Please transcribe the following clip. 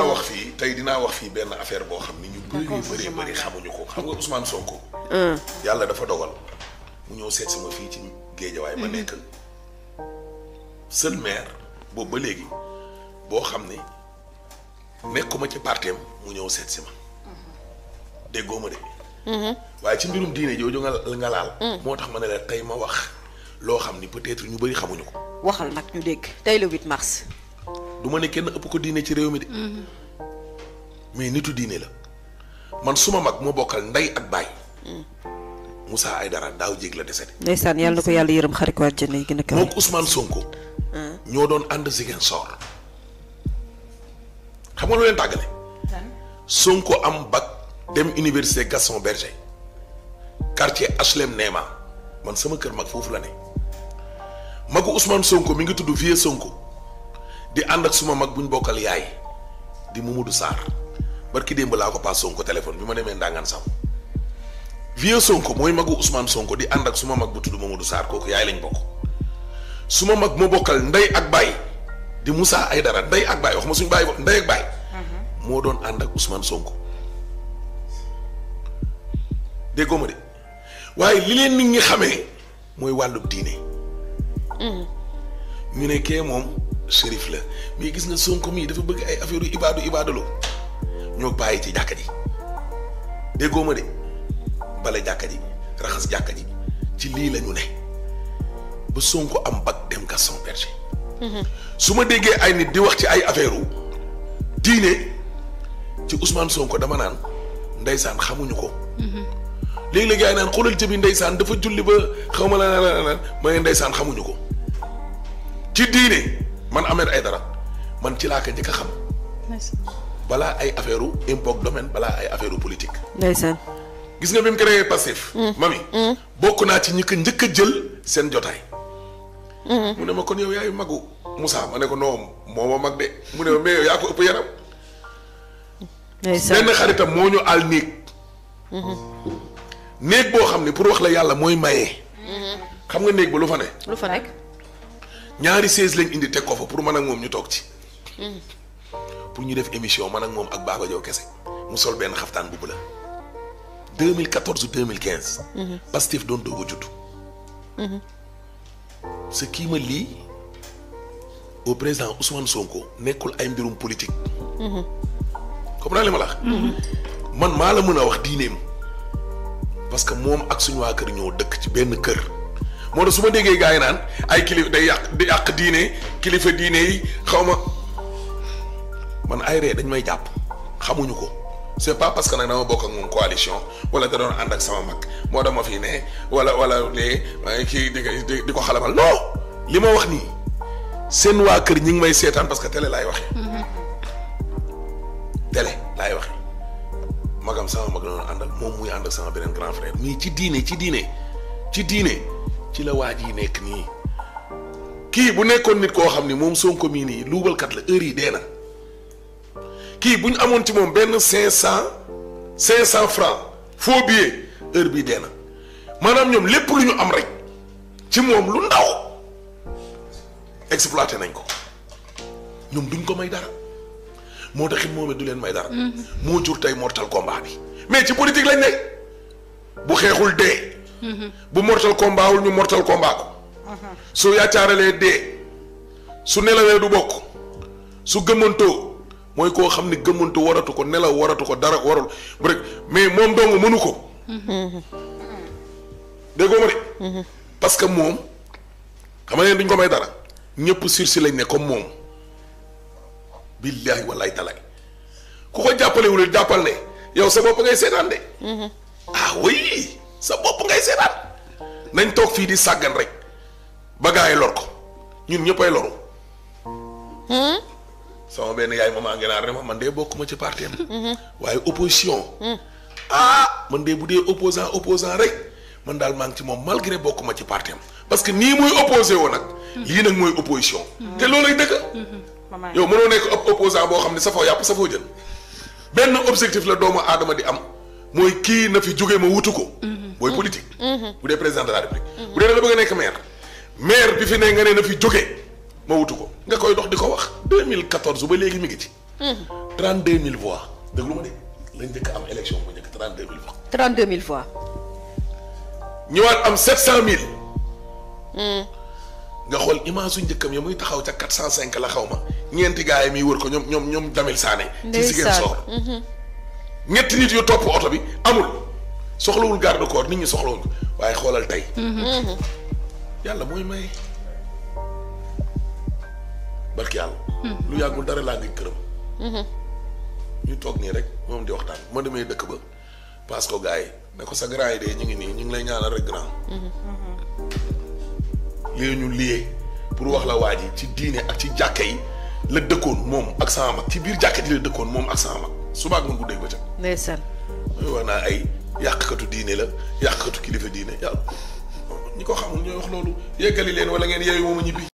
dinaa wax fii tey dinaa wax fii benn affaire boo xam ni ñu bëri bëri bëri xamuñu ko xam nga Ousmane Sonko. yàlla dafa dogal mu ñëw seet ma fii ci géejawaay ma mm-hmm. nekk seul maire boobu ba léegi boo xam ni nekkuma ci parteem mu ñëw seet si ma mm-hmm. déggoo ma de. Mm-hmm. waaye ci mbirum diine jooju nga laal. Mm. moo tax ma ne la tey ma wax loo xam ni peut-être ñu bëri xamuñu ko. waxal nag ñu dégg tey le 8 mars. du ma ne kenn ëpp ko diine ci réew mi de. Mm-hmm. mais nitu diine la man suma mag moo bokkal ndey ak baay. Mm. Moussa Aydara daaw jéeg la décédé. ndeysaan yàlla na ko yàlla yërëm xarit ko mm. doon ànd Ziguinchor. xam nga lu am bag dem université Gaston Berger quartier HLM Néma man sama kër mag foofu la ne magu Ousmane Sonko mi ngi tudd Vieux Sonko. di and ak suma mag buñ bokal yaay di mumudu sar barki dembe la ko pas Sonko telephone bima view ndangan sam vie Sonko moy magu Usman Sonko di and ak suma mag bu tuddu mumudu sar koku yaay lañ bokk suma mag mo bokkal ndey ak bay di Musa dara ndey ak bay waxuma suñ day ndey ak bay Usman mhm. don and ak usman Sonko de goma de waye li len nit ñi xamee mooy wàllub diine mhm. ñu ne mom shérif la mais gis nga Sonko mii dafa bëgg ay affaire yu ibaadu ibaadalu ñoo bàyyi ci jàkka ji déggoo ma de bale jàkka raxas jàkka ci lii la ñu ne am bag dem Gaston mhm. su ma déggee ay nit di wax ci ay affaire diine ci Ousmane Sonko dama naan ndeysaan xamuñu ko mhm. léegi-léegi ay naan xoolal jëbi ndeysaan dafa julli ba xaw ma la la may ndeysaan xamuñu ko ci diine man Ahmed dara man ci laa ko njëkk a xam. balaa ay affaire u impôt domaine balaa ay affaire u politique. ndeysaan. gis nga bi mu créé Pastef. Mm. mami. Mm. bokk naa ci ñi ko njëkk a jël seen jotaay. Mm. mu ne ma kon yow yaayu magu Moussa ma ne ko non moo ma mag de mu ne ma mais yaa ko ëpp yaram. ndeysaan xaritam moo ñu àll néeg. Mm-hmm. néeg boo xam ne pour wax la yàlla mooy maye. Mm-hmm. xam nga néeg ba lu fa ne. lu fa nekk. ñaari seize lañ indi teg ko fa pour man ak moom ñu toog ci. Hmm. pour ñu def émission man ak moom ak Baba Diaw kese mu sol benn xaftaan bu bula 2014 ou 2015. Hmm. Pastef doon doog a judd. Hmm. ce qui me lie au président Ousmane Sonko nekkul ay mbirum politique. comprends li ma la wax. man maa la mën a wax diineem parce que moom ak suñu waa kër ñoo dëkk ci benn kër. mo do suma dege déggee nan ay kilif day yak di yak diine kilifa diine yi xawma man ay re dañ may japp xamuñu ko c'est pas parce que nak dama bok ak moom coalition wala da don ànd ak sama mo do ma fi ne wala wala le, ay ki di ko xalamal non lima wax ni sen wa keur ñing may seetaan parce que télé lay waxe mm-hmm. télé lay waxe magam sama mag la andal mom muy sama benen grand frère mi ci diine ci diine ci diine ci la waa yi nekk nii kii bu nekkoon nit koo xam ni moom Sonko mii nii luubalkat la heure yi dee na kii bu ñu amoon ci moom benn cinq cent cinq cent franc faux billet heure bii dee na maanaam ñoom lépp lu ñu am rek ci moom lu ndaw exploité nañ ko ñoom duñ ko may dara moo taxit moom it du leen may dara mm-hmm. moo jur tey mortal combat bi mais ci politique lañ ne bu xeexul dee Mm-hmm. bu mortal combat ñu mortal combat ko. Mm-hmm. su yaacaaralee dee su nelawee du bokk su gëmmantoo mooy koo xam ne gëmmantoo waratu ko nelaw waratu ko dara warul bu rek mais moom dong mënu ko. Mm-hmm. déggoo ma de. parce que moom xam nga duñ ko may dara ñëpp sur si lañ ne comme moom. billaahi wallaahi talaay ku ko jàppale jàppal ne yow sa bopp ngay seetaan de. ah oui. sa bopp ngay seetaan nañ toog fii di sàggan rek ba gaa yi lor ko ñun ñëppay loru. Hmm? sama benn yaay ma maa ngi naan ne ma man de bokkuma ci parti hmm. waaye opposition. Hmm. ah man de bu dee opposant opposant rek man daal maa ci moom malgré bokkuma ci parti am parce que nii mooy opposé woo nag. lii nag mooy opposition. te loolay dëgg. yow mënoo nekk ab opposant boo xam ne safoo yàpp safoo jën benn objectif la doomu aadama di am. mooy kii na fi jógee ma wutu ko. booy mhm. politique. Mhm. bu dee président de la république. Mhm. bu dee da bëgg nekk maire. maire bi fi ne nga ne na fi jógee ma wutu ko nga koy dox di ko wax 2014 ba léegi mi ngi ci. 32000 voix déglu ma de lañ njëkk am élection bu njëkk 32000 voix. 32000 voix. ñëwaat am 700000. nga xool image su njëkkam ya muy taxaw ca 405 la xaw ma ñeenti gaa yi muy wër ko ñoom ñoom ñoom Damel Sané. ci Ziguinchor. ñetti nit yu topp oto bi amul soxlawul garde corps nit ñi soxlawul ko waaye xoolal tey. Mm-hmm. yàlla mooy may barki yàlla. Mm-hmm. lu yàggul dara laa ngi këram. Mm-hmm. ñu toog nii rek moom di waxtaan ma demee dëkk ba parce que gars yi ko sa grand yi de ñu ngi nii ñu ngi lay a rek grand. lii ñu liyee pour wax la waa yi ci diine ak ci jàkka yi la dëkkoon moom ak sama mag ci biir jàkka ji la dëkkoon moom ak sama mag suba ak guddeeg bëccëg. ndeysaan. wax naa ay yàqkatu diine la yàqkatu kilifa diine yàlla ñi ko xamul ñoo wax loolu yeggali leen wala ngeen yeewu ma ñibbi.